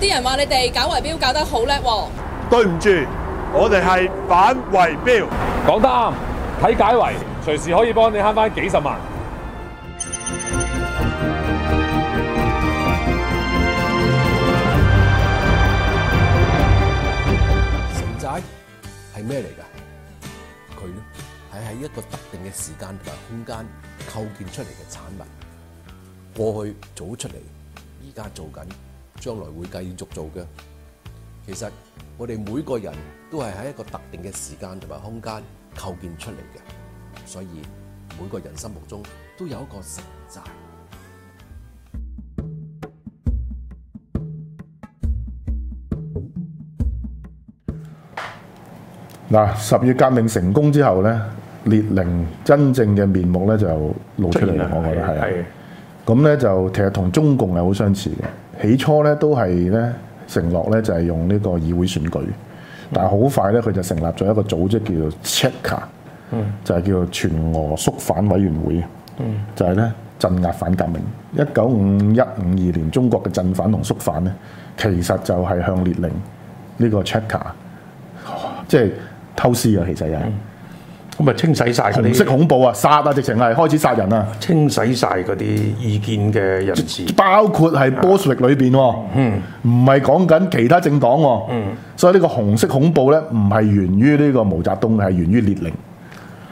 啲人話你哋搞圍標搞得好叻喎，對唔住，我哋係反圍標，講得啱，睇解圍，隨時可以幫你慳翻幾十萬。城寨係咩嚟噶？佢呢係喺一個特定嘅時間同埋空間構建出嚟嘅產物，過去做出嚟，而家做緊。將來會繼續做嘅。其實我哋每個人都係喺一個特定嘅時間同埋空間構建出嚟嘅，所以每個人心目中都有一個城寨。嗱，十月革命成功之後咧，列寧真正嘅面目咧就露出嚟，出我覺得係。咁咧就其實同中共係好相似嘅。起初咧都係咧承諾咧就係用呢個議會選舉，但係好快咧佢就成立咗一個組織叫做 Cheka，就係叫做全俄肅反委員會嘅，就係、是、咧鎮壓反革命。一九五一五二年中國嘅鎮反同肅反咧，其實就係向列寧呢個 Cheka，即係偷師啊，其實係。咁咪清洗晒，紅色恐怖啊！殺啊，直情係開始殺人啊！清洗晒嗰啲意見嘅人士，包括係波士力裏邊，嗯，唔係講緊其他政黨，啊，嗯，所以呢個紅色恐怖咧，唔係源於呢個毛澤東，係源於列寧。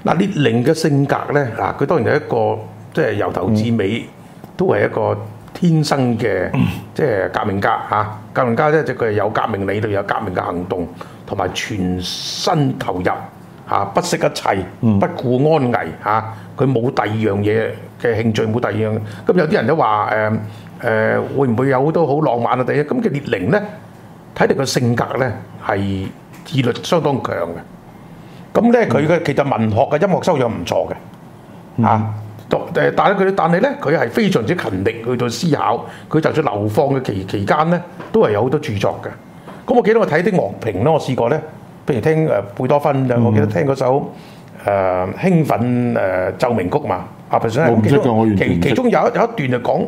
嗱、嗯，列寧嘅性格咧，嗱，佢當然係一個即係由頭至尾、嗯、都係一個天生嘅、嗯、即係革命家嚇。革命家咧就佢有革命理論，有革命嘅行動，同埋全身投入。嚇、啊、不惜一切，嗯、不顧安危嚇，佢、啊、冇第二樣嘢嘅興趣，冇第二樣。咁有啲人都話誒誒，會唔會有好多好浪漫嘅嘢？咁嘅列寧咧，睇嚟佢性格咧係意志相當強嘅。咁咧佢嘅其實文學嘅音樂修養唔錯嘅。嚇、嗯，誒但係佢，但係咧佢係非常之勤力去到思考。佢就算流放嘅期期間咧，都係有好多著作嘅。咁我記得我睇啲樂評呢，我試過咧。譬如聽誒貝多芬，就、嗯、我記得聽嗰首誒、呃、興奮誒奏鳴曲嘛，啊，我唔記得，其中其，其中有一有一段就講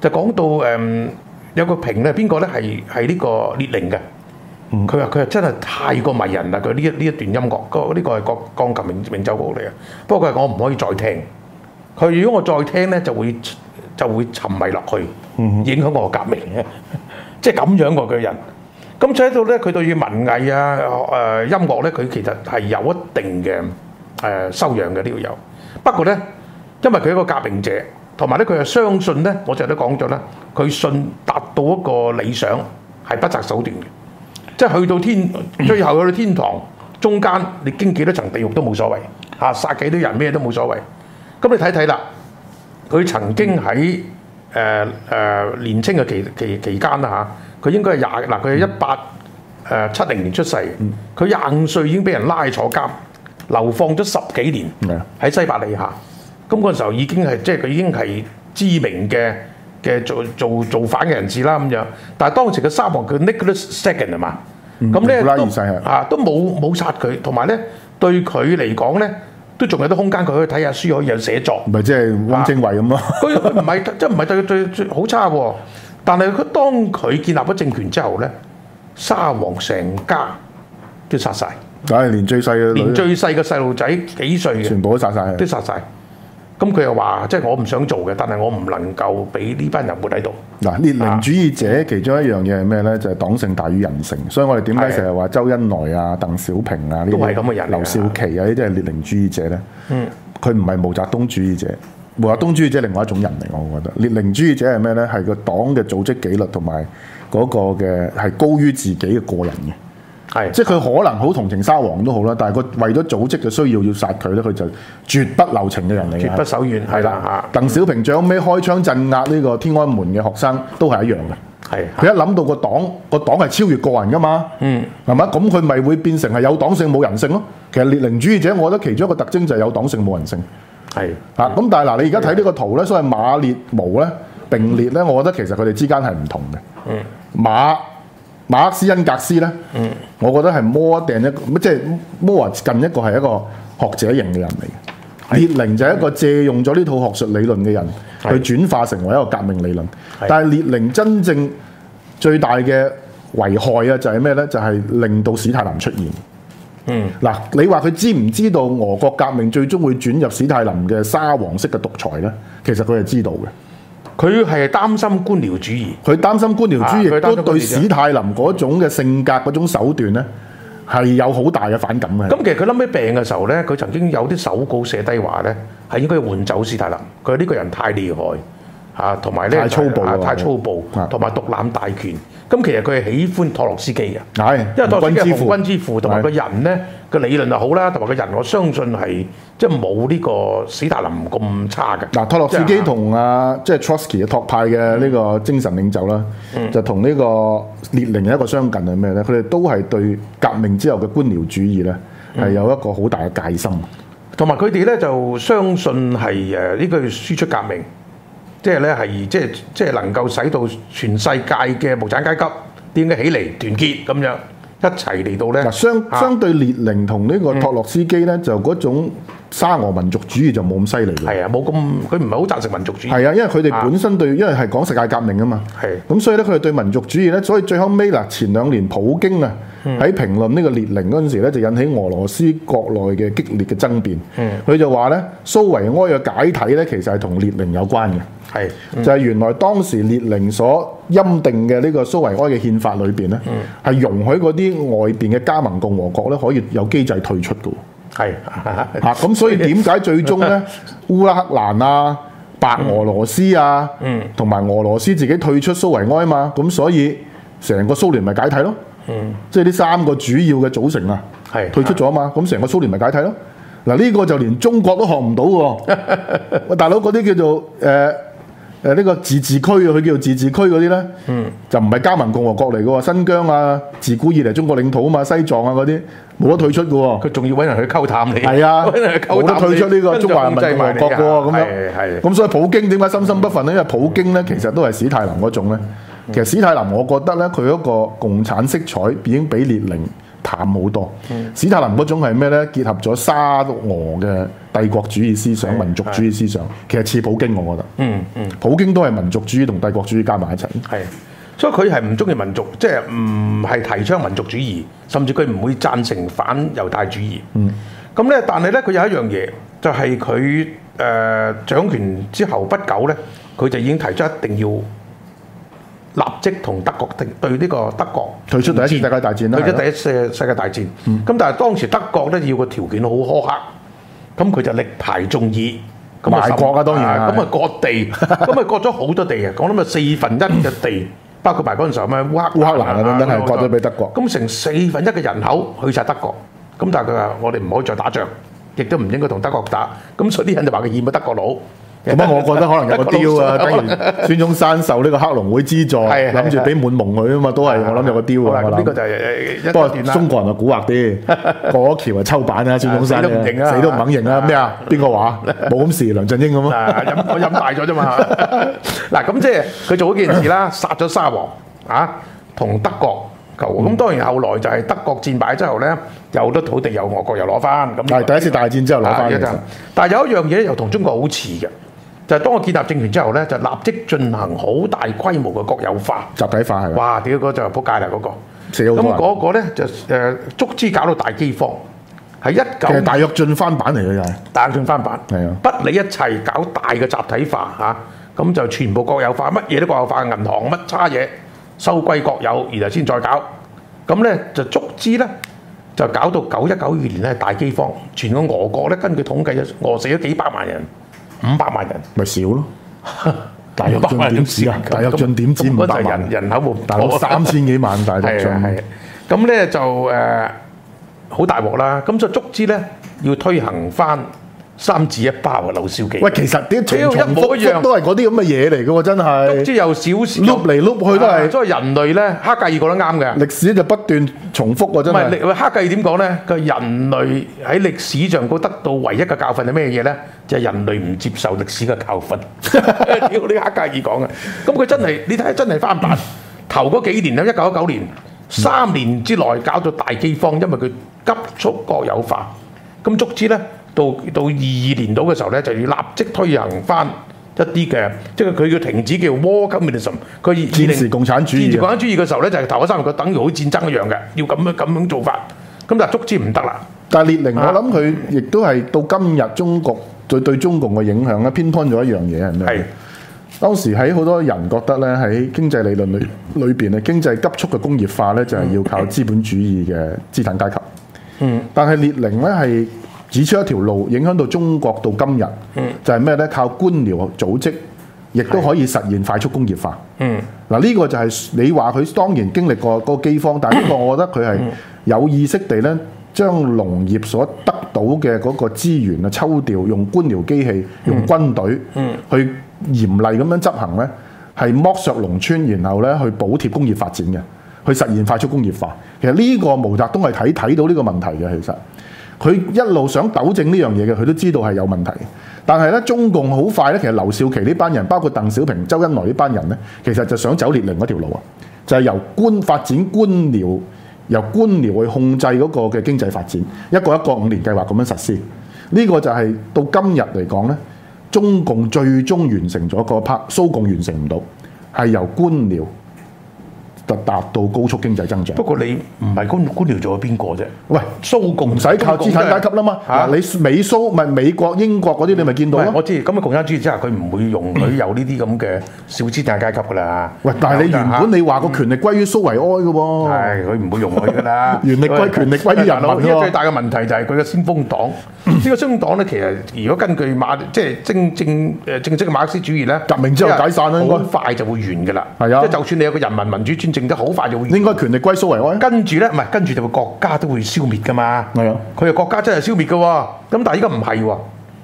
就講到誒、嗯、有個評咧，邊個咧係係呢個列寧嘅，佢話佢話真係太過迷人啦，佢呢一呢一段音樂，呢、呢個係鋼鋼琴名名奏曲嚟嘅，不過佢話我唔可以再聽，佢如果我再聽咧就會就會沉迷落去，影響我嘅革命嘅，即係咁樣過嘅人。咁所喺度咧，佢對於文藝啊、誒、呃、音樂咧，佢其實係有一定嘅誒、呃、修養嘅，呢要有。不過咧，因為佢係一個革命者，同埋咧佢係相信咧，我哋都講咗啦，佢信達到一個理想係不擇手段嘅，即係去到天 最後去到天堂，中間你經幾多層地獄都冇所謂，嚇、啊、殺幾多人咩都冇所謂。咁你睇睇啦，佢曾經喺誒誒年青嘅期期期間啦嚇。啊。佢應該係廿嗱，佢係一八誒七零年出世，佢廿五歲已經俾人拉去坐監，流放咗十幾年，喺西伯利亞。咁嗰陣時候已經係即係佢已經係知名嘅嘅做做造反嘅人士啦咁樣。但係當時嘅沙皇佢 Nicholas II 係嘛，咁咧都啊都冇冇殺佢，同埋咧對佢嚟講咧都仲有啲空間，佢可以睇下書，可以有寫作。唔咪、啊、 即係汪精衛咁咯？佢唔係即係唔係對對好差喎、啊？但係佢當佢建立咗政權之後咧，沙皇成家都殺晒，誒，連最細嘅，連最細嘅細路仔幾歲全部都殺晒。都殺晒。咁佢又話，即係、就是、我唔想做嘅，但係我唔能夠俾呢班人活喺度。嗱、啊，列寧主義者其中一樣嘢係咩咧？就係、是、黨性大於人性，所以我哋點解成日話周恩來啊、鄧小平啊、呢啲係咁嘅人、劉少奇啊，呢啲係列寧主義者咧？嗯，佢唔係毛澤東主義者。毛澤、嗯、東主義者另外一種人嚟，我覺得列寧主義者係咩呢？係個黨嘅組織紀律同埋嗰個嘅係高於自己嘅個人嘅，係的即係佢可能好同情沙皇都好啦，但係佢為咗組織嘅需要要殺佢呢，佢就是絕不留情嘅人嚟嘅，絕不手軟，係啦，鄧小平最後尾開槍鎮壓呢個天安門嘅學生都係一樣嘅，係佢的一諗到個黨，個的黨係超越個人㗎嘛，嗯，係咪？咁佢咪會變成係有黨性冇人性咯？其實列寧主義者，我覺得其中一個特徵就係有黨性冇人性。係咁，是嗯、但係嗱，你而家睇呢個圖咧，所謂馬列毛咧並列咧，我覺得其實佢哋之間係唔同嘅。嗯，馬馬克思恩格斯咧，嗯，我覺得係摩定一個，即係摩近一個係一個學者型嘅人嚟嘅。是列寧就係一個借用咗呢套學術理論嘅人，去轉化成為一個革命理論。是但係列寧真正最大嘅危害啊，就係咩咧？就係令到史太林出現。嗯，嗱，你話佢知唔知道俄國革命最終會轉入史太林嘅沙皇式嘅獨裁呢？其實佢係知道嘅，佢係擔心官僚主義，佢擔心、啊、官僚主義都對史太林嗰種嘅性格、嗰種手段呢係有好大嘅反感嘅。咁其實佢諗起病嘅時候呢，佢曾經有啲手稿寫低話呢係應該換走史太林，佢呢個人太厲害。啊，同埋呢太粗暴太粗暴，同埋獨攬大權。咁其實佢係喜歡托洛斯基嘅，係，因為托洛斯基係富軍之父，同埋個人咧個理論又好啦，同埋個人我相信係即係冇呢個史達林咁差嘅。嗱，托洛斯基同啊即係 Trotsky 嘅託派嘅呢個精神領袖啦，就同呢個列寧一個相近係咩咧？佢哋都係對革命之後嘅官僚主義咧係有一個好大嘅戒心，同埋佢哋咧就相信係誒呢個輸出革命。即係咧，係即係即係能夠使到全世界嘅無產階級點解起嚟團結咁樣一齊嚟到咧？相相對列寧同呢個托洛斯基咧，嗯、就嗰種。沙俄民族主義就冇咁犀利係啊，冇咁佢唔係好贊成民族主義。係啊，因為佢哋本身對，啊、因為係講世界革命啊嘛。係。咁所以咧，佢哋對民族主義咧，所以最後尾喇，前兩年普京啊，喺、嗯、評論呢個列寧嗰陣時咧，就引起俄羅斯國內嘅激烈嘅爭辯。佢、嗯、就話咧，蘇維埃嘅解體咧，其實係同列寧有關嘅。係。嗯、就係原來當時列寧所欽定嘅呢個蘇維埃嘅憲法裏邊咧，係、嗯、容許嗰啲外邊嘅加盟共和國咧，可以有機制退出嘅。係， 啊咁所以點解最終咧 烏拉克蘭啊、白俄羅斯啊，同埋 俄羅斯自己退出蘇維埃嘛？咁、啊、所以成個蘇聯咪解體咯？嗯， 即係呢三個主要嘅組成啊，退出咗嘛？咁成個蘇聯咪解體咯？嗱、啊，呢、呢個就連中國都學唔到喎、啊 啊，大佬嗰啲叫做誒。呃誒呢個自治區，啊，佢叫自治區嗰啲咧，嗯、就唔係加盟共和國嚟嘅喎，新疆啊，自古以嚟中國領土啊嘛，西藏啊嗰啲冇得退出嘅喎，佢仲要揾人去溝探你。係啊的，冇得退出呢、這個你中華人民共和國嘅喎，咁、啊、樣。係咁所以普京點解心心不憤咧？嗯、因為普京咧其實都係史太林嗰種咧。嗯、其實史太林，我覺得咧，佢嗰個共產色彩已經比列寧。淡好多，史塔林嗰種係咩呢？結合咗沙俄嘅帝國主義思想、是民族主義思想，是其實似普京，我覺得。嗯嗯，嗯普京都係民族主義同帝國主義加埋一齊。係，所以佢係唔中意民族，即係唔係提倡民族主義，甚至佢唔會贊成反猶太主義。嗯，咁呢，但係呢，佢有一樣嘢，就係佢誒掌權之後不久呢，佢就已經提出一定要。立即同德國的對呢個，德國退出第一次世界大戰啦，退出第一次世界大戰。咁是但係當時德國咧，要個條件好苛刻，咁佢就力排眾議，咁賣國啊，當然，咁啊，割地，咁啊割咗好多地啊， 我諗啊四分一嘅地，包括埋嗰陣時候咩係烏克烏克蘭啊，等等係割咗俾德國。咁成四分一嘅人口去晒德國，咁但係佢話我哋唔可以再打仗，亦都唔應該同德國打，咁所以啲人就話佢厭咗德國佬。咁啊，我覺得可能有個雕啊，孫中山受呢個黑龍會資助，諗住俾滿蒙佢啊嘛，都係我諗有個雕啊！呢個就係，不過中國人就蠱惑啲，過橋啊抽板啊，孫中山都唔認啊，死都唔肯認啊！咩啊？邊個話冇咁事，梁振英咁啊？飲我飲大咗啫嘛！嗱，咁即係佢做咗件事啦，殺咗沙皇啊，同德國媾和。咁當然後來就係德國戰敗之後咧，有得土地由俄國又攞翻。咁係第一次大戰之後攞翻。但係有一樣嘢又同中國好似嘅。就係當我建立政權之後咧，就立即進行好大規模嘅國有化、集體化係嘛？哇！屌、那個、就撲街啦，嗰、那個咁嗰號個咧就誒捉之搞到大饑荒，係一九其實大躍進翻版嚟嘅。又、就是、大躍進翻版係啊！的不理一切，搞大嘅集體化嚇，咁、啊、就全部國有化，乜嘢都國有化，銀行乜差嘢收歸國有，然後先再搞咁咧就捉之咧就搞到九一九二年咧，大饑荒，全個俄國咧，根據統計啊，餓死咗幾百萬人。五百萬人咪少咯，大約進點少、啊，大約進點少五百萬人口，大約三千幾萬，大約進。咁咧 就誒好大鑊啦，咁、呃、所以卒之要推行返三紙一包啊，老少幾？喂，其實啲重複都係嗰啲咁嘅嘢嚟嘅喎，真係。即係有少少，碌嚟碌去都係。啊、所以人類咧，黑格爾講得啱嘅。歷史就不斷重複喎，真係。唔係，黑格爾點講咧？佢人類喺歷史上個得到唯一嘅教訓係咩嘢咧？就係人類唔接受歷史嘅教訓。屌， 呢黑格爾講嘅。咁佢 真係，你睇下真係翻版。頭嗰、嗯、幾年咧，一九一九年三年之內搞到大饑荒，因為佢急速國有化。咁足之咧？到到二二年到嘅時候咧，就要立即推行翻一啲嘅，即係佢要停止叫 war communism。佢以以戰時共產主義的。戰時共產主義嘅時候咧，就係、是、頭嗰三個等於好戰爭一樣嘅，要咁樣咁樣做法。咁就係足之唔得啦。但係列寧，我諗佢亦都係、啊、到今日中國對對中共嘅影響咧，偏頗咗一樣嘢。係是當時喺好多人覺得咧，喺經濟理論裏裏邊咧，經濟急速嘅工業化咧，就係要靠資本主義嘅資產階級。嗯，嗯但係列寧咧係。指出一條路，影響到中國到今日，嗯、就係咩呢？靠官僚組織，亦都可以實現快速工業化。嗱、嗯，呢個就係你話佢當然經歷過嗰個饑荒，但係呢個我覺得佢係有意識地呢，將農業所得到嘅嗰個資源啊抽調，用官僚機器、用軍隊去嚴厲咁樣執行呢，係剝、嗯嗯、削農村，然後呢去補貼工業發展嘅，去實現快速工業化。其實呢個毛澤東係睇睇到呢個問題嘅，其實。佢一路想糾正呢樣嘢嘅，佢都知道係有問題。但係咧，中共好快咧，其實劉少奇呢班人，包括鄧小平、周恩來呢班人咧，其實就想走列寧嗰條路啊，就係、是、由官發展官僚，由官僚去控制嗰個嘅經濟發展，一個一個五年計劃咁樣實施。呢、這個就係到今日嚟講咧，中共最終完成咗個 part，蘇共完成唔到，係由官僚。得達到高速經濟增長。不過你唔係官官僚做咗邊個啫？喂，蘇共唔使靠資產階級啦嘛。啊、你美蘇咪美國、英國嗰啲你咪見到啦、嗯。我知咁啊，共產主義之下，佢唔會容許有呢啲咁嘅小資產階級㗎啦。喂、嗯，但係你原本你話個、嗯、權力歸於蘇維埃㗎喎。係、哎，佢唔會用佢㗎啦。權 力歸為權力歸於人民。最大嘅問題就係佢嘅先鋒黨。呢、嗯、個先鋒黨咧，其實如果根據馬即係、就是、正，正，正正誒正式嘅馬克思主義咧，革命之後解散啦，應該好快就會完㗎啦。係啊，即係就算你有個人民民主專。淨得好快就會，應該權力歸蘇維埃，跟住咧唔係，跟住就會國家都會消滅噶嘛。係啊，佢嘅國家真係消滅噶，咁但係依家唔係喎，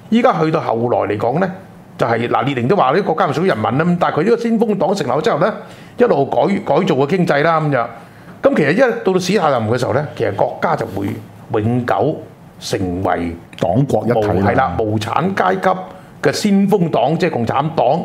依家去到後來嚟講咧，就係嗱列寧都話咧，國家係屬於人民啦。咁但係佢呢個先鋒黨成立之後咧，一路改改造個經濟啦咁樣。咁其實一到到史太林嘅時候咧，其實國家就會永久成為黨國一體系啦，無產階級嘅先鋒黨即係共產黨。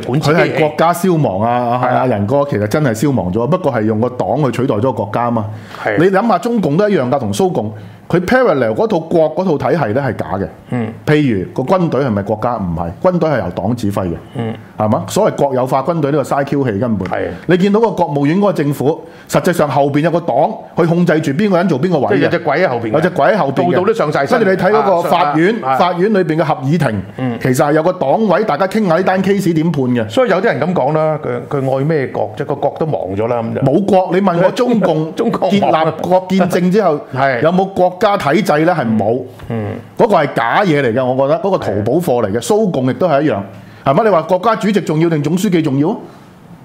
佢係國家消亡啊！阿、哎啊、仁哥其實真係消亡咗，不過係用個黨去取代咗國家嘛。是的 你諗下，中共都一樣㗎，同蘇共。佢 parallel 嗰套國嗰套體系咧係假嘅。嗯。譬如個軍隊係咪國家？唔係，軍隊係由黨指揮嘅。嗯。係嘛？所謂國有化軍隊呢個嘥 Q 氣根本。係的。你見到個國務院嗰個政府，實際上後邊有個黨去控制住邊個人做邊個位嘅。即係有隻鬼喺後邊。有隻鬼喺後邊。度度都上晒新聞。跟住你睇嗰個法院，啊、法院裏邊嘅合議庭，嗯、其實係有個黨委，大家傾下呢單 case 點判嘅。所以有啲人咁講啦，佢佢愛咩國？即係個國都亡咗啦，咁冇國，你問我中共。中國。建立國建政之後，係 忘有冇國？國家體制咧係冇，嗰、嗯、個係假嘢嚟嘅，我覺得嗰、嗰個淘寶貨嚟嘅，係的蘇共亦都係一樣，係咪？你話國家主席重要定總書記重要？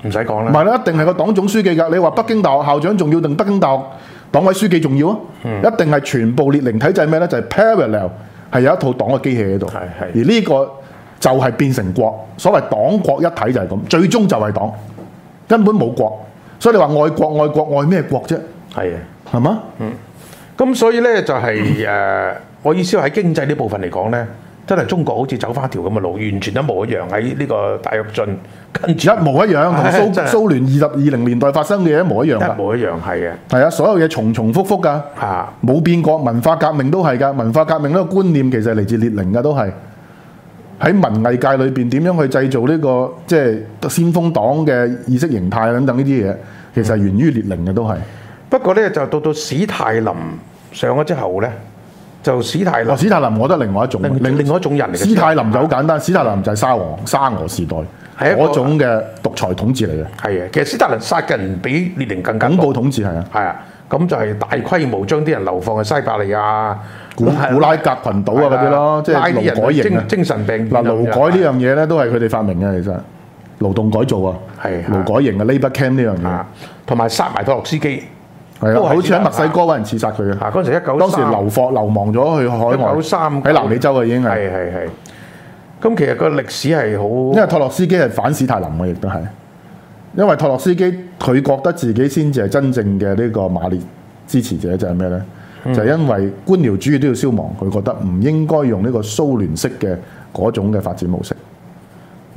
唔使講啦，唔係啦，一定係個黨總書記㗎。你話北京大學校長重要定北京大學黨委書記重要啊？嗯、一定係全部列寧體制咩咧？就係、係、parallel，係有一套黨嘅機器喺度，係係而呢個就係變成國，所謂黨國一體就係咁，最終就係黨，根本冇國，所以你話愛國愛國愛咩國啫？係啊的，係嘛嗎？嗯。咁所以呢就係誒，我意思喺經濟呢部分嚟講呢，真係中國好似走翻一條咁嘅路，完全一模一樣喺呢個大躍進，跟住一模一樣同蘇蘇聯二十二零年代發生嘅嘢一模一樣。一模一樣係啊，係啊，所有嘢重重複複噶，冇變過。文化革命都係噶，文化革命呢個觀念其實嚟自列寧嘅都係喺文藝界裏邊點樣去製造呢個即係先鋒黨嘅意識形態等等呢啲嘢，其實源於列寧嘅都係。不過咧，就到到史泰林上咗之後咧，就史泰林史泰林我覺得另外一種另另外一種人嚟嘅。史泰林就好簡單，史泰林就係沙皇沙俄時代嗰種嘅獨裁統治嚟嘅。係啊，其實史泰林殺嘅人比列寧更加恐怖統治，係啊。係啊，咁就係大規模將啲人流放去西伯利亞、古古拉格群島啊嗰啲咯，即係勞改營精神病嗱，勞改呢樣嘢咧，都係佢哋發明嘅其實，勞動改造啊，係勞改營嘅 labor camp 呢樣嘢，同埋殺埋托洛斯基。係啊，好似喺墨西哥搵人刺殺佢嘅。嗰陣、啊、時一九三當時流放流亡咗去海外，喺南美洲啊已經係。係係係咁其實個歷史係好，因為托洛斯基係反史泰林嘅，亦都係。因為托洛斯基佢覺得自己先至係真正嘅呢個馬列支持者，就係咩咧？嗯、就係因為官僚主義都要消亡，佢覺得唔應該用呢個蘇聯式嘅嗰種嘅發展模式。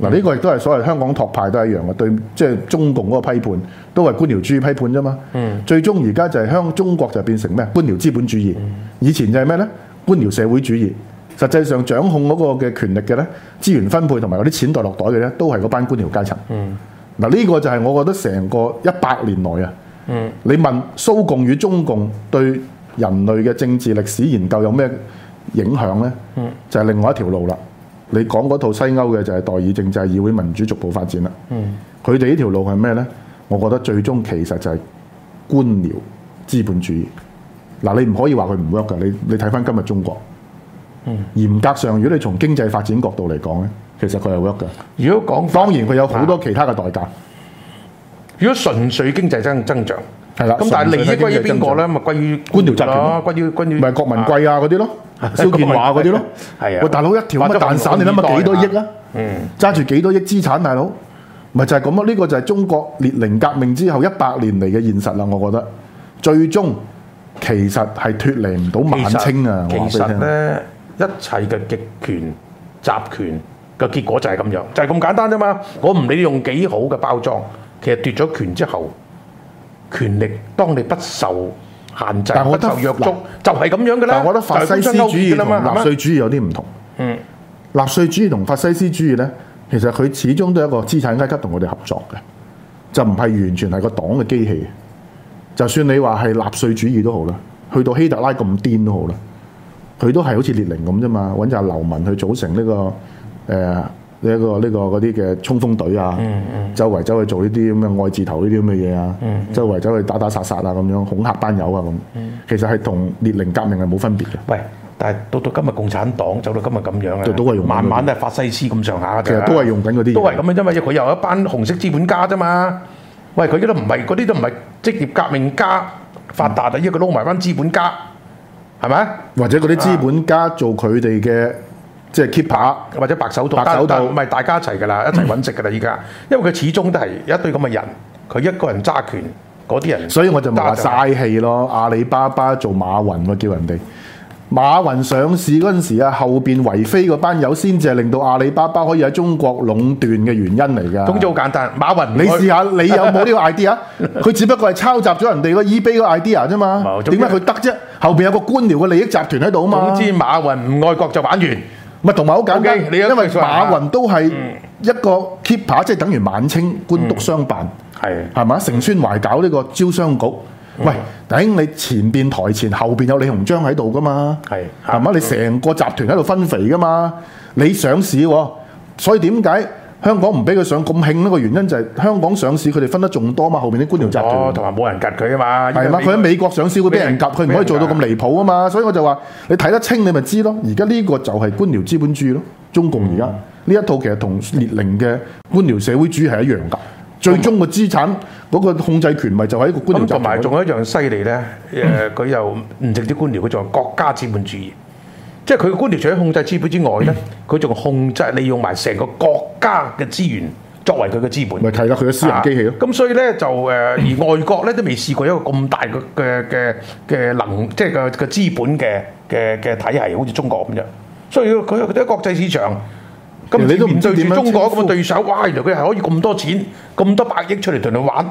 嗱，呢個亦都係所謂的香港托派都係一樣嘅，對即係中共嗰個批判都係官僚主義的批判啫嘛。嗯。最終而家就係香中國就變成咩官僚資本主義。嗯。以前就係咩咧？官僚社會主義。實際上掌控嗰個嘅權力嘅咧，資源分配同埋嗰啲錢袋落袋嘅咧，都係嗰班官僚階層。嗯。嗱，呢個就係我覺得成個一百年內啊。嗯。你問蘇共與中共對人類嘅政治歷史研究有咩影響咧？嗯。就係另外一條路啦。你講嗰套西歐嘅就係代議政制、議會民主逐步發展啦。嗯，佢哋呢條路係咩咧？我覺得最終其實就係官僚資本主義。嗱，你唔可以話佢唔 work 㗎。你你睇返今日中國，嗯，嚴格上，如果你從經濟發展角度嚟講咧，其實佢係 work 㗎。如果講當然佢有好多其他嘅代價。如果純粹經濟增增長。係啦，咁但係利益歸於邊個咧？咪歸於官僚集團，歸於歸於咪郭文貴啊嗰啲咯，蕭建華嗰啲咯。係啊，喂，大佬一條乜蛋散你諗下幾多億啊？嗯，揸住幾多億資產，大佬咪就係咁咯。呢個就係中國列寧革命之後一百年嚟嘅現實啦。我覺得最終其實係脱離唔到晚清啊。其實咧，一切嘅極權集權嘅結果就係咁樣，就係咁簡單啫嘛。我唔理用幾好嘅包裝，其實奪咗權之後。權力當你不受限制，但我覺得不受約束，立就係咁樣嘅啦。我覺得法西斯主義同納粹主義有啲唔同。嗯嗎，納粹主義同法西斯主義咧，其實佢始終都係一個資產階級同我哋合作嘅，就唔係完全係個黨嘅機器。就算你話係納粹主義都好啦，去到希特拉咁癲都好啦，佢都係好似列寧咁啫嘛，揾就係流民去組成呢、這個誒。呃呢一、這個呢個呢、呢個嗰啲嘅衝鋒隊啊，嗯嗯、周圍走去做呢啲咁嘅愛字頭呢啲咁嘅嘢啊，嗯嗯、周圍走去打打殺殺啊咁樣恐嚇班友啊咁，嗯、其實係同列寧革命係冇分別嘅。喂，但係到到今日共產黨走到今日咁樣、啊都，都係用慢慢都係法西斯咁上下、啊。其實都係用緊嗰啲，都係咁樣，因為佢有一班紅色資本家啫嘛。喂，佢都唔係嗰啲都唔係職業革命家發達，嗯、因為佢撈埋翻資本家，係咪？或者嗰啲資本家做佢哋嘅。即係 keep 牌或者白手套，白手套咪大家一齊㗎、嗯、一齊㗎啦，一齊揾食㗎啦依家。因為佢始終都係一堆咁嘅人，佢一個人揸權，嗰啲人，所以我就話嘥、就是、氣咯。阿里巴巴做馬雲喎、啊，叫人哋馬雲上市嗰陣時啊，後邊維非嗰班友先至係令到阿里巴巴可以喺中國壟斷嘅原因嚟㗎。總之好簡單，馬雲你試下，你有冇呢個 idea？佢 只不過係抄襲咗人哋個 eBay 個 idea 啫嘛。點解佢得啫？後邊有個官僚嘅利益集團喺度啊嘛。總之馬雲唔愛國就玩完。同埋好簡單，因為馬雲都係一個 keeper，即係等於晚清官督商辦，係咪、嗯？嘛？盛宣懷搞呢個招商局，嗯、喂頂你前面台前後面有李鴻章喺度噶嘛？係咪的？嘛？你成個集團喺度分肥噶嘛？你上市、啊，所以點解？香港唔俾佢上，咁興呢個原因就係香港上市佢哋分得仲多嘛，後面啲官僚集團同埋冇人夾佢啊嘛，係嘛佢喺美，美國上市會俾人夾，佢唔可以做到咁離譜啊嘛，所以我就話你睇得清你咪知咯，而家呢個就係官僚資本主義咯，中共而家呢一套其實同列寧嘅官僚社會主義係一樣㗎，最終個資產嗰、嗯、個控制權咪就係一個官僚集團、嗯。同埋仲有一樣犀利咧，誒、呃、佢、嗯、又唔直接官僚，佢做國家資本主義。即係佢嘅官僚，除咗控制資本之外咧，佢仲控制利用埋成個國家嘅資源作為佢嘅資本。咪睇啦佢嘅私人機器咯、啊。咁、啊、所以咧就誒，呃嗯、而外國咧都未試過一個咁大嘅嘅嘅嘅能，即係個個資本嘅嘅嘅體系，好似中國咁樣。所以佢佢喺國際市場，你都唔對住中國咁嘅對手，哇！原來佢係可以咁多錢，咁多百億出嚟同你玩。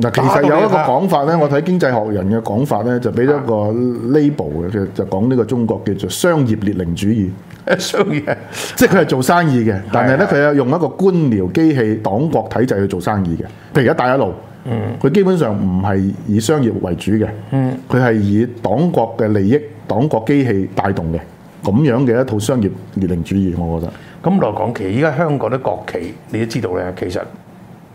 嗱，其實有一個講法咧，我睇經濟學人嘅講法咧，就俾咗一個 label 嘅，就就講呢個中國叫做商業列寧主義，商業，即係佢係做生意嘅，但係咧佢係用一個官僚機器、黨國體制去做生意嘅，譬如一帶一路，嗯，佢基本上唔係以商業為主嘅，嗯，佢係以黨國嘅利益、黨國機器帶動嘅，咁樣嘅一套商業列寧主義，我覺得。咁來講，其實依家香港啲國企，你都知道咧，其實。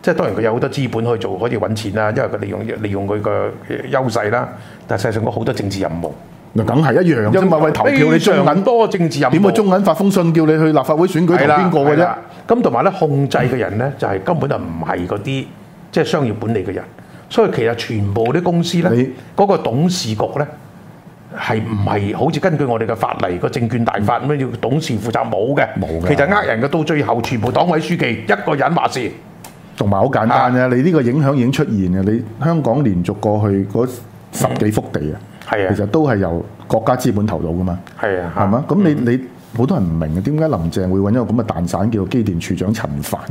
即係當然佢有好多資本可以做，可以揾錢啦。因為佢利用利用佢個優勢啦。但係實際上，好多政治任務，嗱梗係一樣。因為我投票常你中銀多政治任點啊，會中銀發封信叫你去立法會選舉投邊個嘅啫。咁同埋咧，的控制嘅人咧就係、是、根本不是那些就唔係嗰啲即係商業管理嘅人。所以其實全部啲公司咧，嗰的個董事局咧係唔係好似根據我哋嘅法例、嗰個證券大法咁樣要董事負責冇嘅？冇嘅。沒有的，其實呃人嘅，到最後，全部黨委書記一個人話事。同埋好簡單啊，你呢個影響已經出現啊。你香港連續過去嗰十幾幅地、嗯、啊，其實都係由國家資本投到噶嘛，係啊，係嘛？咁你、嗯、你好多人唔明啊，點解林鄭會揾一個咁嘅蛋散叫做機電處長陳帆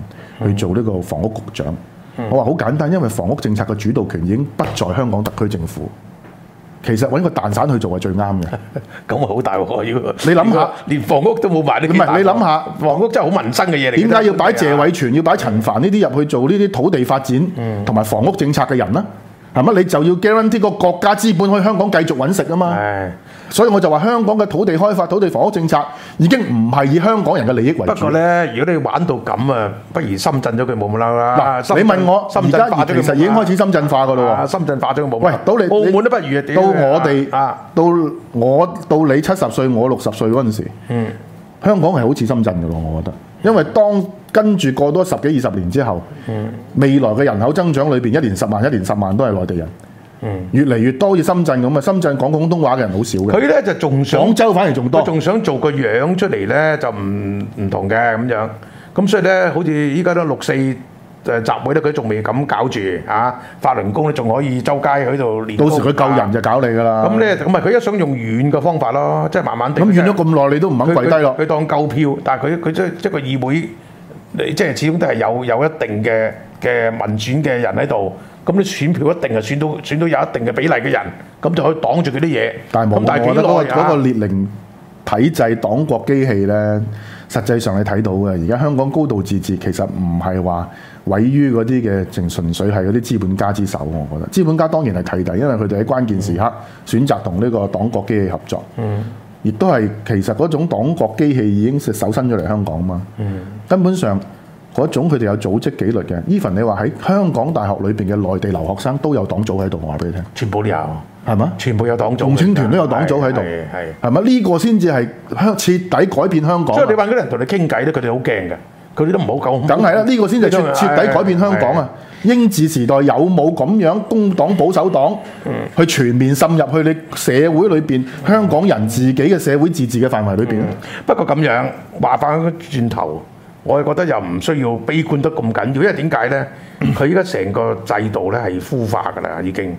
去做呢個房屋局長？嗯、我話好簡單，因為房屋政策嘅主導權已經不在香港特區政府。其實揾個蛋散去做係最啱嘅， 咁啊好大鑊要。你諗下，連房屋都冇埋。啲，唔係你諗下，房屋真係好民生嘅嘢嚟。點解要擺謝偉銓、啊、要擺陳凡呢啲入去做呢啲土地發展同埋房屋政策嘅人呢？係咪？你就要 guarantee 個國家資本去香港繼續揾食啊嘛！係所以我就話香港嘅土地開發、土地房屋政策已經唔係以香港人嘅利益為主。不過咧，如果你玩到咁啊，不如深圳咗佢冇冇啦啦？啊、陣你問我，深圳化咗其實已經開始深圳化噶啦喎！深圳化咗佢冇。喂，到你，你澳門都、啊、不如到我哋啊，到我到你七十歲，我六十歲嗰陣時，嗯、香港係好似深圳噶喎，我覺得。因為當跟住過多十幾二十年之後，未來嘅人口增長裏面，一年十萬、一年十萬都係內地人，越嚟越多似深圳咁啊！深圳講廣東話嘅人好少嘅。佢咧就仲廣州反而仲多，仲想做個樣出嚟咧就唔唔同嘅咁樣。咁所以咧，好似依家都六四。集會咧，佢仲未咁搞住嚇，法輪工咧仲可以周街喺度練，到時佢救人就搞你噶啦。咁咧，咁咪佢一想用軟嘅方法咯，即係慢慢咁練咗咁耐，你都唔肯跪低咯。佢當救票，但係佢佢即即係個議會，你即係始終都係有有一定嘅嘅民選嘅人喺度，咁你選票一定係選到選到有一定嘅比例嘅人，咁就可以擋住佢啲嘢。但係無奈，我覺得嗰嗰個列寧體制黨國機器咧。實際上你睇到嘅，而家香港高度自治其實唔係話毀於嗰啲嘅，淨純粹係嗰啲資本家之手。我覺得資本家當然係睇底，因為佢哋喺關鍵時刻選擇同呢個黨國機器合作，嗯，亦都係其實嗰種黨國機器已經手伸咗嚟香港嘛，嗯，根本上嗰種佢哋有組織紀律嘅，even 你話喺香港大學裏邊嘅內地留學生都有黨組喺度，我話俾你聽，全部有。係嘛？是全部有黨組，共青團都有黨組喺度。係，係，係嘛？呢、這個先至係香徹底改變香港。即係你揾嗰啲人同你傾偈咧，佢哋好驚嘅，佢哋都唔好講。梗係啦，呢個先至徹徹底改變香港啊！英治時代有冇，咁樣工黨保守黨去全面滲入去你社會裏邊，香港人自己嘅社會自治嘅範圍裏邊、嗯、不過咁樣話翻轉頭，我係覺得又唔需要悲觀得咁緊要，因為點解咧？佢依家成個制度咧係孵化㗎啦，已經。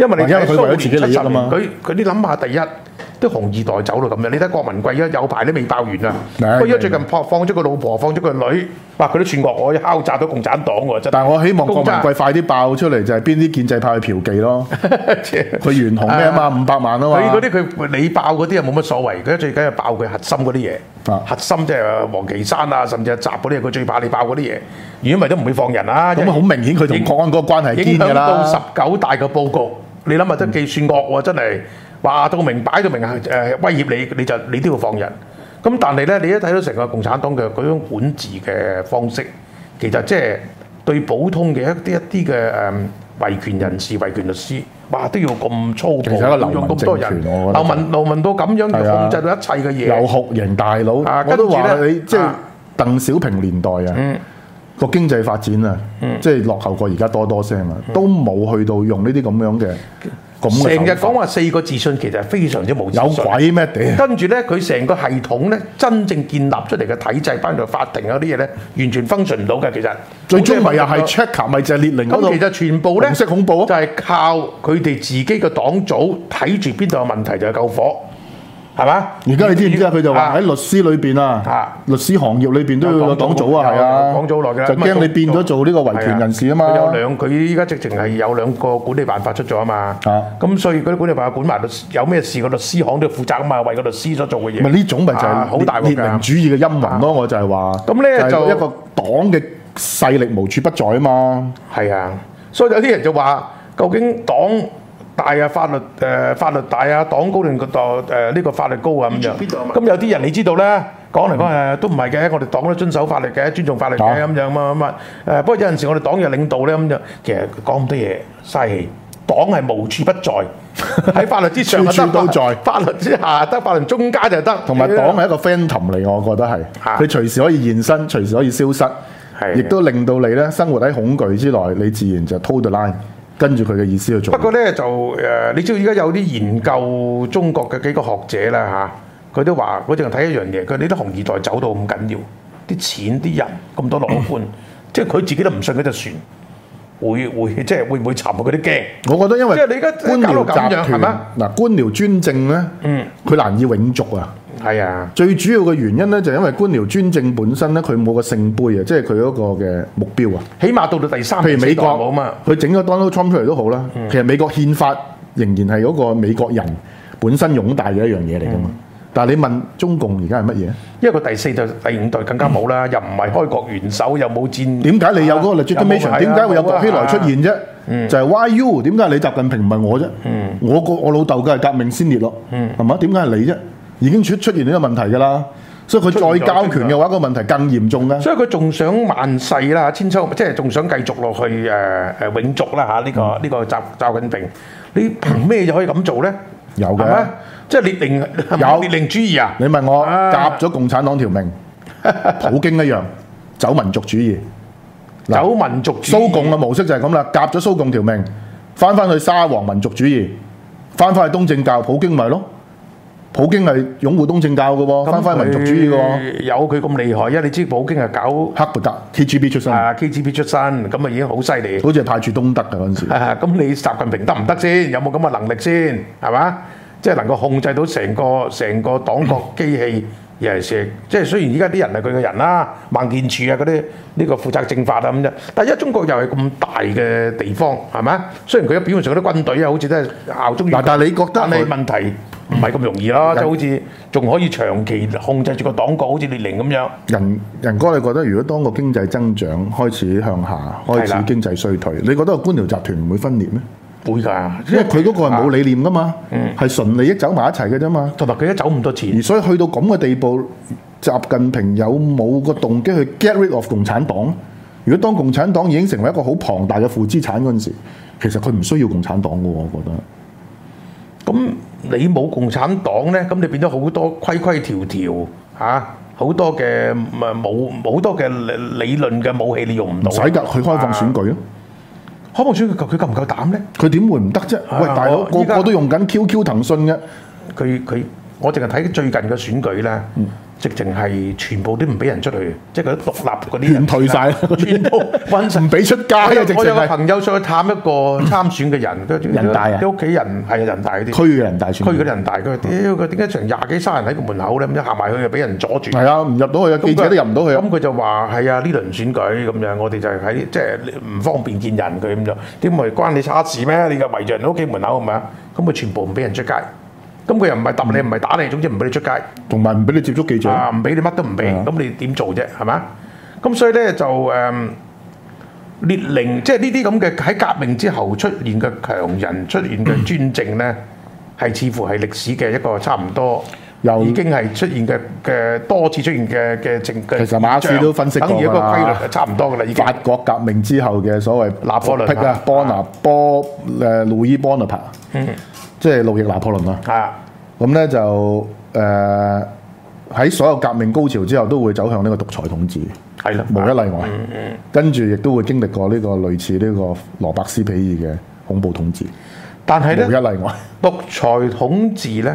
因為你睇下佢佢自己出醜啊！佢佢啲諗下第一，啲紅二代走咯咁樣。你睇郭文貴一啊，有排都未爆完啊。不過最近放放咗個老婆，放咗個女。哇！佢都全國，我敲詐到共產黨喎真。但係我希望郭文貴快啲爆出嚟，就係邊啲建制派去嫖妓咯。佢懸紅咩啊嘛？五百、啊、萬啊嘛。佢嗰啲佢你爆嗰啲又冇乜所謂。佢最緊係爆佢核心嗰啲嘢。啊、核心即係王岐山啊，甚至係習嗰啲，佢最怕你爆嗰啲嘢。如果唔係都唔會放人、啊、他啦。咁好明顯佢同國安嗰個關係堅㗎啦。影響到十九大嘅報告。你諗下真係計算惡喎，真係話到明擺到明啊！誒威脅你，你就你都要放人，咁但係咧，你一睇到成個共產黨嘅嗰種管治嘅方式，其實即係對普通嘅一啲一啲嘅誒維權人士、嗯、維權律師，哇都要咁粗暴，用咁多人，流民流民到咁樣就控制到一切嘅嘢，有酷刑大佬，啊、我都話你即係、就是、鄧小平年代啊。嗯個經濟發展啊，即係落後過而家多多聲啊，都冇去到用呢啲咁樣嘅咁嘅手法。成日講話四個自信其實非常之冇自信。有鬼咩？屌！跟住咧，佢成個系統咧，真正建立出嚟嘅體制，包括法庭嗰啲嘢咧，完全 function 唔到嘅。其實最終咪又係 check 咪就係列寧。咁其實全部咧，恐怖就係靠佢哋自己嘅黨組睇住邊度有問題就係救火。係嘛？而家你知唔知啊？佢就話喺律師裏邊啊，律師行業裏邊都要黨組啊，係啊，黨組落嘅，就驚你變咗做呢個維權人士啊嘛。啊有兩佢依家直情係有兩個管理辦法出咗啊嘛。咁、啊、所以嗰啲管理辦法管埋律，有咩事個律師行都要負責啊嘛，為個律師所做嘅嘢。呢種咪就係好大嘅列寧主義嘅陰魂咯、啊，我就係話。咁咧、啊、就，就一個黨嘅勢力無處不在啊嘛。係啊，所以有啲人就話，究竟黨大啊法律，誒、呃、法律大啊，黨高定個誒呢個法律高啊咁、嗯、樣。咁、嗯、有啲人你知道咧，講嚟講誒都唔係嘅，我哋黨都遵守法律嘅，尊重法律嘅咁、啊、樣嘛。咁啊。誒不過有陣時我哋黨嘅領導咧咁就，其實講咁多嘢嘥氣。黨係無處不在，喺法律之上， 處處都在。法律之下得，法律中間就得，同埋黨係一個 phantom 嚟，我覺得係。佢隨、啊、時可以現身，隨時可以消失，亦的都令到你咧生活喺恐懼之內，你自然就 toe the line。跟住佢嘅意思去做。不過咧就誒、呃，你知而家有啲研究中國嘅幾個學者啦嚇，佢、啊、都話，我淨係睇一樣嘢，佢哋啲紅二代走到咁緊要，啲錢啲人咁多裸官， 即係佢自己都唔信嗰隻船會會，即係會唔會沉啊？佢哋驚。我覺得因為即係你搞到咁樣官僚集團，嗱嗎官僚專政咧，嗯，佢難以永續啊。係啊，最主要嘅原因咧，就係因為官僚專政本身咧，佢冇個聖杯啊，即係佢嗰個嘅目標啊。起碼到到第三，譬如美國，四代冇啊嘛，佢整個 Donald Trump 出嚟都好啦。其實美國憲法仍然係嗰個美國人本身擁戴嘅一樣嘢嚟噶嘛。但係你問中共而家係乜嘢？因為佢第四代、第五代更加冇啦，又唔係開國元首，又冇戰。點解你有嗰個 legitimation？點解會有薄熙來出現啫？就係 why you？點解你習近平唔係我啫？我個我老豆梗係革命先烈咯，係嘛？點解係你啫？已經出出現呢個問題㗎啦，所以佢再交權嘅話，個問題更嚴重咧，所以佢仲想萬世啦，千秋即係仲想繼續落去、呃、永續啦嚇呢個、、嗯、呢個習、習近平，你憑咩就可以咁做呢？有嘅、嗯，係係即係列寧有列寧主義啊！你問我夾咗、啊、共產黨條命，普京一樣 走民族主義，走民族主義蘇共嘅模式就係咁啦，夾咗蘇共條命，翻翻去沙皇民族主義，翻翻去東正教，普京咪係咯。普京係擁護東正教嘅喎，翻翻民族主義嘅喎，有佢他咁厲害，因為你知道普京係搞黑不得 KGB 出身，KGB 出身，咁啊那已經很厲害了，好犀利。好似係派住東德嘅嗰陣時候。啊、那你習近平得唔得先？有冇咁嘅能力先？係嘛？即係能夠控制到成個成個黨國機器，又係雖即係雖然而家啲人係佢嘅人啦，孟建柱啊嗰啲，呢、這個負責政法啫、啊。但係而家中國又係咁大嘅地方，係吧，雖然佢表面上嗰啲軍隊好似都係效忠。嗱，但係你覺得問題？你唔係咁容易啦，人就好似仲可以長期控制住個黨國，好似列寧咁樣。人，人哥，你覺得如果當個經濟增長開始向下，的開始經濟衰退，你覺得官僚集團唔會分裂咩？會㗎的，因為佢嗰個係冇理念㗎嘛，係、嗯、純利益走埋一齊嘅啫嘛，同埋佢一走咁多錢。而所以去到咁嘅地步，習近平有冇個動機去 get rid of 共產黨？如果當共產黨已經成為一個好龐大嘅負資產嗰陣時，其實佢唔需要共產黨嘅喎，我覺得。咁你冇共產黨咧，咁你變咗好多規規條條嚇，好多嘅誒武，好多嘅理論嘅武器你用唔到，使㗎去開放選舉咯？開放選舉，佢佢夠唔夠膽咧？佢點會唔得啫？喂，大佬個個都用緊 QQ 騰訊嘅，佢佢我淨係睇最近嘅選舉啦。直情係全部都唔俾人出去，即係嗰啲獨立嗰啲人退晒，全，全部揾唔俾出街，啊。 直我有個朋友上去探一個參選嘅人，都人大啊，啲屋企人係啊，人大啲區人大選區嗰啲人大，佢話屌佢點解成廿幾卅人喺個、嗯、門口咧？咁一行埋去就俾人阻住。係啊，唔入到去，去、嗯嗯、啊，記者都入唔到去啊。咁佢就話係啊，呢輪選舉咁樣，我哋就係喺即係唔方便見人，佢咁就點會關你叉事咩？你又圍住人屋企門口係咪？咁佢全部唔俾人出街。咁佢又唔係揼你，唔係打你，總之唔俾你出街，同埋唔俾你接觸記者，唔俾你乜都唔俾，咁你點做啫？係嘛？咁所以咧就誒列寧，即係呢啲咁嘅喺革命之後出現嘅強人，出現嘅專政咧，係似乎係歷史嘅一個差唔多，已經係出現嘅嘅多次出現嘅嘅政，其實馬克思都分析過啦，等於一個規律，差唔多噶啦，已經。法國革命之後嘅所謂拿破崙啊，波拿巴誒路易波拿巴。嗯。即係路易拿破崙咯，咁咧、啊、就誒喺、呃、所有革命高潮之後，都會走向呢個獨裁統治，係啦、啊，無一例外。嗯嗯、跟住亦都會經歷過呢個類似呢個羅伯斯庇爾嘅恐怖統治，但係咧無一例外，獨裁統治咧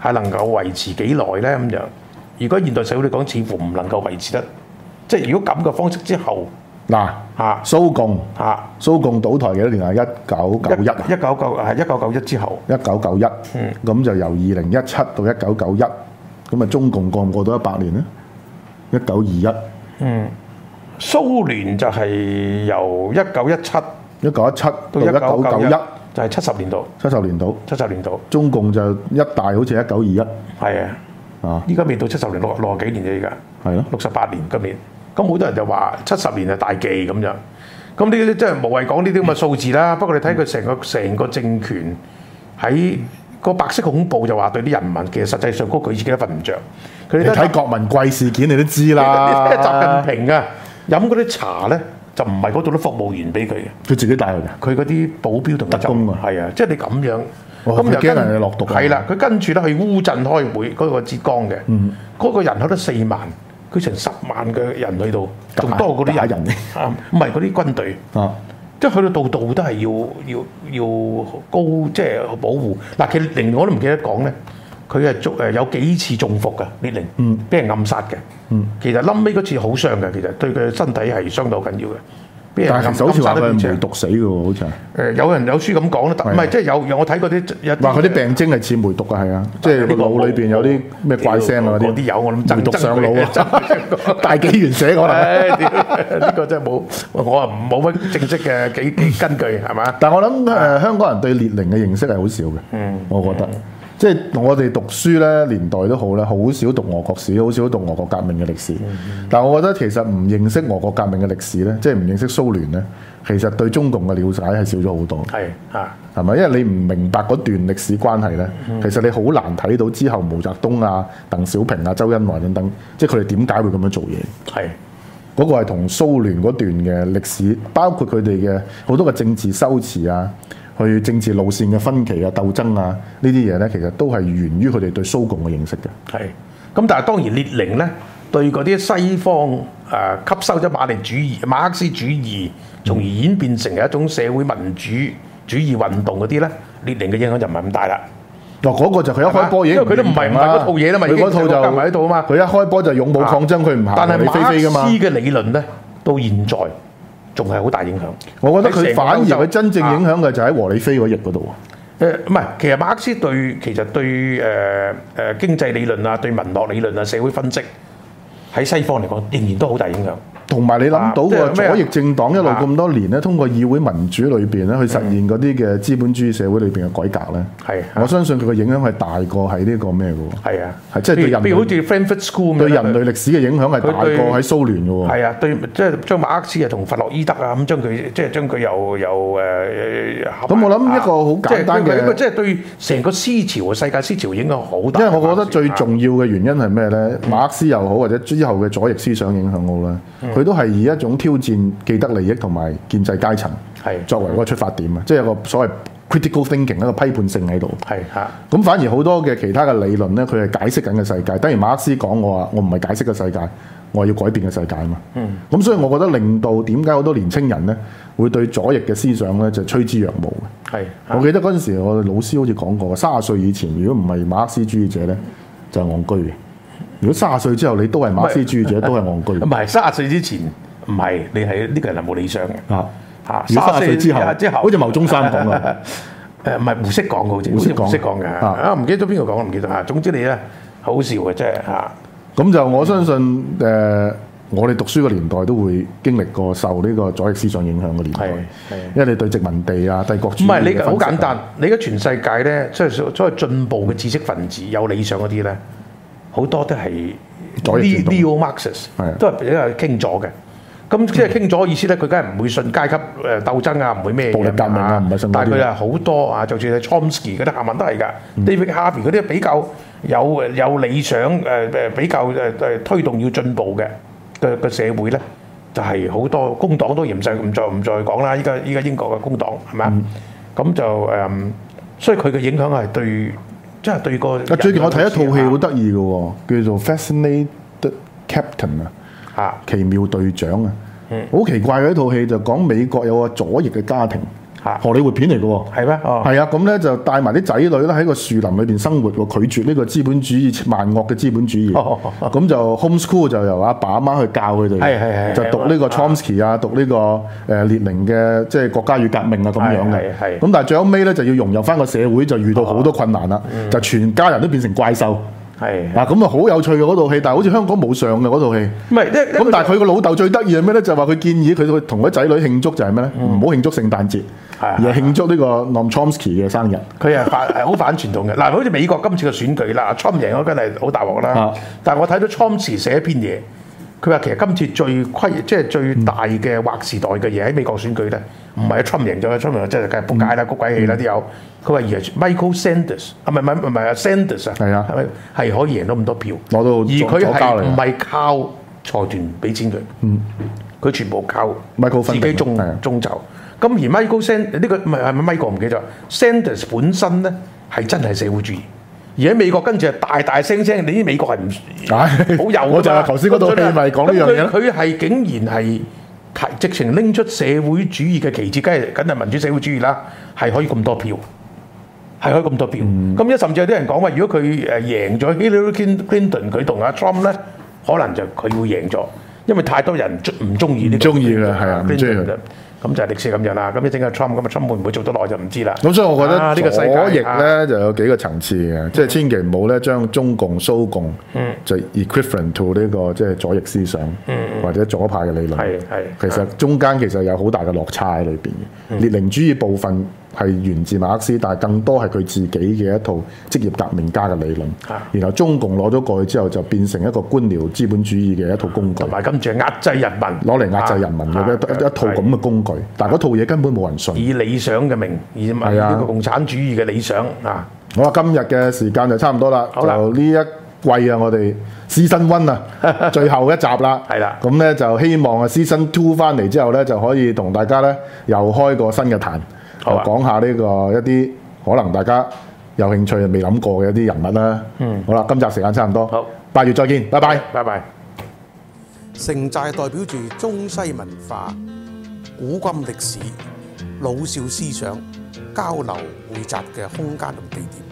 係能夠維持幾耐咧咁樣？如果現代社會嚟講，似乎唔能夠維持得，即係如果咁嘅方式之後。嗱嚇，蘇共嚇蘇共倒台幾多年啊？一九九一啊！一九九啊，一九九一之後。一九九一，嗯，咁就由二零一七到一九九一，咁啊中共過唔過到一百年咧？一九二一，嗯，蘇聯就係由一九一七一九一七到一九九一，就係七十年度。七十年度，七十年度，中共就一大好似一九二一，係啊，啊，依家未到七十年，六六十幾年啫，依家，係咯，六十八年今年。咁好多人就話七十年就大忌咁樣，咁呢啲真係無謂講呢啲咁嘅數字啦。嗯、不過你睇佢成個成個政權喺、嗯、個白色恐怖就話對啲人民，其實實際上嗰佢自己都瞓唔着。你睇郭文貴事件你都知啦。你睇習近平啊，飲嗰啲茶咧就唔係嗰度啲服務員俾佢嘅，佢自己帶去嘅。佢嗰啲保鏢同特工啊，係啊，即、就、係、是、你咁樣。咁又驚人落毒啊？係啦，佢跟住咧去烏鎮開會，嗰、那個浙江嘅，嗰、嗯、個人口都四萬。佢成十萬嘅人喺度，仲多過啲人，嚇唔係嗰啲軍隊，啊，即係去到度度都係要要要高，即係保護。嗱、啊，佢零我都唔記得講咧，佢係中誒有幾次中伏嘅列寧，嗯，俾人暗殺嘅，嗯，其實冧尾嗰次好傷嘅，其實對佢身體係相當緊要嘅。但其實，好似佢梅毒死嘅喎，好似啊。誒，有人有書咁講都得。唔係即係有，有我睇過啲有。話佢啲病徵係似梅毒嘅，係啊，即係個腦裏邊有啲咩怪聲啊啲。啲有我諗，梅毒上腦啊！大紀元寫過嚟，呢個真係冇，我啊冇乜正式嘅幾根據係嘛？但係我諗誒，香港人對列寧嘅認識係好少嘅，我覺得。即係我哋讀書咧年代都好咧，好少讀俄國史，好少讀俄國革命嘅歷史。嗯、但係我覺得其實唔認識俄國革命嘅歷史咧，即係唔認識蘇聯咧，其實對中共嘅了解係少咗好多。係，係咪？因為你唔明白嗰段歷史關係咧，嗯、其實你好難睇到之後毛澤東啊、鄧小平啊、周恩來等等，即係佢哋點解會咁樣做嘢。係嗰是個係同蘇聯嗰段嘅歷史，包括佢哋嘅好多嘅政治修辭啊。去政治路線嘅分歧啊、鬥爭啊呢啲嘢咧，其實都係源於佢哋對蘇共嘅認識嘅。係，咁但係當然列寧咧對嗰啲西方誒、呃、吸收咗馬列主義、馬克思主義，從而演變成一種社會民主主義運動嗰啲咧，嗯、列寧嘅影響就唔係咁大啦。嗱、哦，嗰、嗰個就佢一開波已經不是，因為佢都唔係唔係嗰套嘢啦嘛。佢嗰套就立喺度啊嘛。佢一開波就勇武抗爭，佢唔行。飛飛的嘛，但係馬克思嘅理論咧，到現在。仲係好大影響，我覺得佢反而佢真正影響嘅就喺和理非嗰日嗰度喎。誒，唔係，其實馬克思對其實對誒誒，呃、經濟理論啊、對文學理論啊、社會分析喺西方嚟講仍然都好大影響。同埋你諗到個左翼政黨一路咁多年咧，通過議會民主裏邊咧，去實現嗰啲嘅資本主義社會裏邊嘅改革咧，係、啊、我相信佢嘅影響係大過喺呢個咩嘅喎？係啊，係即係對人類對人類歷史嘅影響係大過喺蘇聯嘅喎。係啊，對即係、就是、將馬克思啊同弗洛伊德佢佢有有啊咁將佢即係將佢又又誒。咁我諗一個好簡單嘅，一個即係對成個思潮世界思潮影響好大。因為我覺得最重要嘅原因係咩咧？馬克思又好，或者之後嘅左翼思想影響好咧。嗯佢都係以一種挑戰既得利益同埋建制階層作為個出發點啊，係的即係有個所謂 critical thinking 一個批判性喺度。係吓，咁的反而好多嘅其他嘅理論咧，佢係解釋緊嘅世界。等於，馬克思講我話，我唔係解釋嘅世界，我係要改變嘅世界啊嘛。嗯，咁所以我覺得令到點解好多年青人咧會對左翼嘅思想咧就趨之若鶩的係，我記得嗰陣時我老師好似講過，三十歲以前如果唔係馬克思主義者咧，就係戇居嘅。如果三十歲之後你都係馬思主義者，唔係都係戇居。唔係三十歲之前，唔係你係呢、這個人係冇理想嘅。三十歲之後，啊、之後好似毛中山講啊，誒唔係胡適講嘅，胡適講嘅，啊唔、啊、記得咗邊個講唔記得啊。總之你咧好笑嘅，即係吓。咁就我相信誒、嗯呃，我哋讀書嘅年代都會經歷過受呢個左翼思想影響嘅年代，因為你對殖民地啊、帝國主義、啊，唔係你好簡單。你而家全世界咧，即係所謂進步嘅知識分子有理想嗰啲咧。好多都係 Leo Marxist 的都係因為傾左嘅，咁即係傾左意思咧，佢梗係唔會信階級誒鬥爭啊，唔會咩、啊、暴力啊，唔係信但他很。但係佢係好多啊，就算 Chomsky 嗰啲散文都係㗎、嗯、David Harvey 嗰啲比較有有理想、呃、比較、呃呃、推動要進步嘅嘅個社會咧，就係、是、好多工黨都唔再唔再唔再講啦。依家依家英國嘅工黨係咪啊？咁、嗯、就、嗯、所以佢嘅影響係對。真係對個，最近我睇一套戲好得意嘅喎，啊、叫做《Fascinated Captain》啊，奇妙隊長啊，好、嗯、奇怪嘅一套戲就講美國有個左翼嘅家庭。荷里活片嚟嘅喎，係咩？係、oh. 啊，咁咧就帶埋啲仔女咧喺個樹林裏邊生活，拒絕呢個資本主義，萬惡嘅資本主義。咁、oh. oh. oh. 啊、就 homeschool 就由阿爸阿媽去教佢哋， 就讀呢個 Chomsky 啊，讀呢個列寧嘅即係國家與革命啊咁樣嘅。咁但係最後尾咧就要融入返個社會，就遇到好多困難啦，oh. Oh. 就全家人都變成怪獸。嗱咁 啊好有趣嘅嗰套戲，但係好似香港冇上嘅嗰套戲。咁是但係佢個老豆最得意係咩咧？就話、是、佢建議佢同啲仔女慶祝就係咩咧？唔好、mm. 慶祝聖誕節。係又慶祝呢個 Noam Chomsky 嘅生日，佢係反係好反傳統嘅。嗱，好似美國今次嘅選舉啦，Trump 贏咗真係好大鑊啦。啊、但係我睇到 Trump 時寫一篇嘢，佢話其實今次最虧即係、就是、最大嘅劃時代嘅嘢喺美國選舉咧，唔係 Trump 贏咗，Trump 贏即係梗係仆街啦，谷鬼氣啦都有。佢話 Michael Sanders，是是是 Sanders 是啊，唔係唔係唔係啊，Sanders 啊，係啊，係咪係可以贏到咁多票，攞到而佢係唔係靠財團俾錢佢？佢、嗯、全部靠 m i 自己中中就。咁而 Michael，Sand，呢、呢個唔係係咪 Michael 唔記得咗？Sanders 本身咧係真係社會主義，而喺美國跟住係大大聲聲，你啲美國係唔好遊，哎、有我就頭先度你咪講呢樣嘢，佢係竟然係直情拎出社會主義嘅旗幟，梗係梗係民主社會主義啦，係可以咁多票，係可以咁多票。咁一、嗯、甚至有啲人講話，如果佢誒贏咗 Hillary Clinton 佢同阿 Trump 咧，可能就佢會贏咗，因為太多人唔唔中意呢，中意㗎係啊，中意㗎。咁就係歷史咁樣啦，咁你整個 Trump 咁啊，Trump 會唔會做得耐就唔知啦。咁所以我覺得左翼咧、啊呢個世界啊、就有幾個層次嘅，即係、嗯、千祈唔好咧將中共、蘇共，嗯、這個，就 equivalent to 呢個即係左翼思想，嗯，嗯或者左派嘅理論，嗯、係、係、其實中間其實有好大嘅落差喺裏邊嘅，嗯、列寧主義部分。係源自馬克思，但係更多係佢自己嘅一套職業革命家嘅理論。然後中共攞咗過去之後，就變成一個官僚資本主義嘅一套工具，唔係，今次係壓制人民，攞嚟壓制人民嘅一一套咁嘅工具。但係嗰套嘢根本冇人信。以理想嘅名義，啊，呢個共產主義嘅理想啊！我話今日嘅時間就差唔多啦，就呢一季啊，我哋 Season One 啊，最後一集啦。係啦，咁咧就希望啊，Season Two 翻嚟之後咧，就可以同大家咧又開個新嘅壇。啊、我講下呢個一啲可能大家有興趣未諗過嘅一啲人物啦。嗯，好啦，今集時間差唔多。好，八月再見，拜拜，拜拜。城寨代表住中西文化、古今歷史、老少思想交流匯集嘅空間同地點。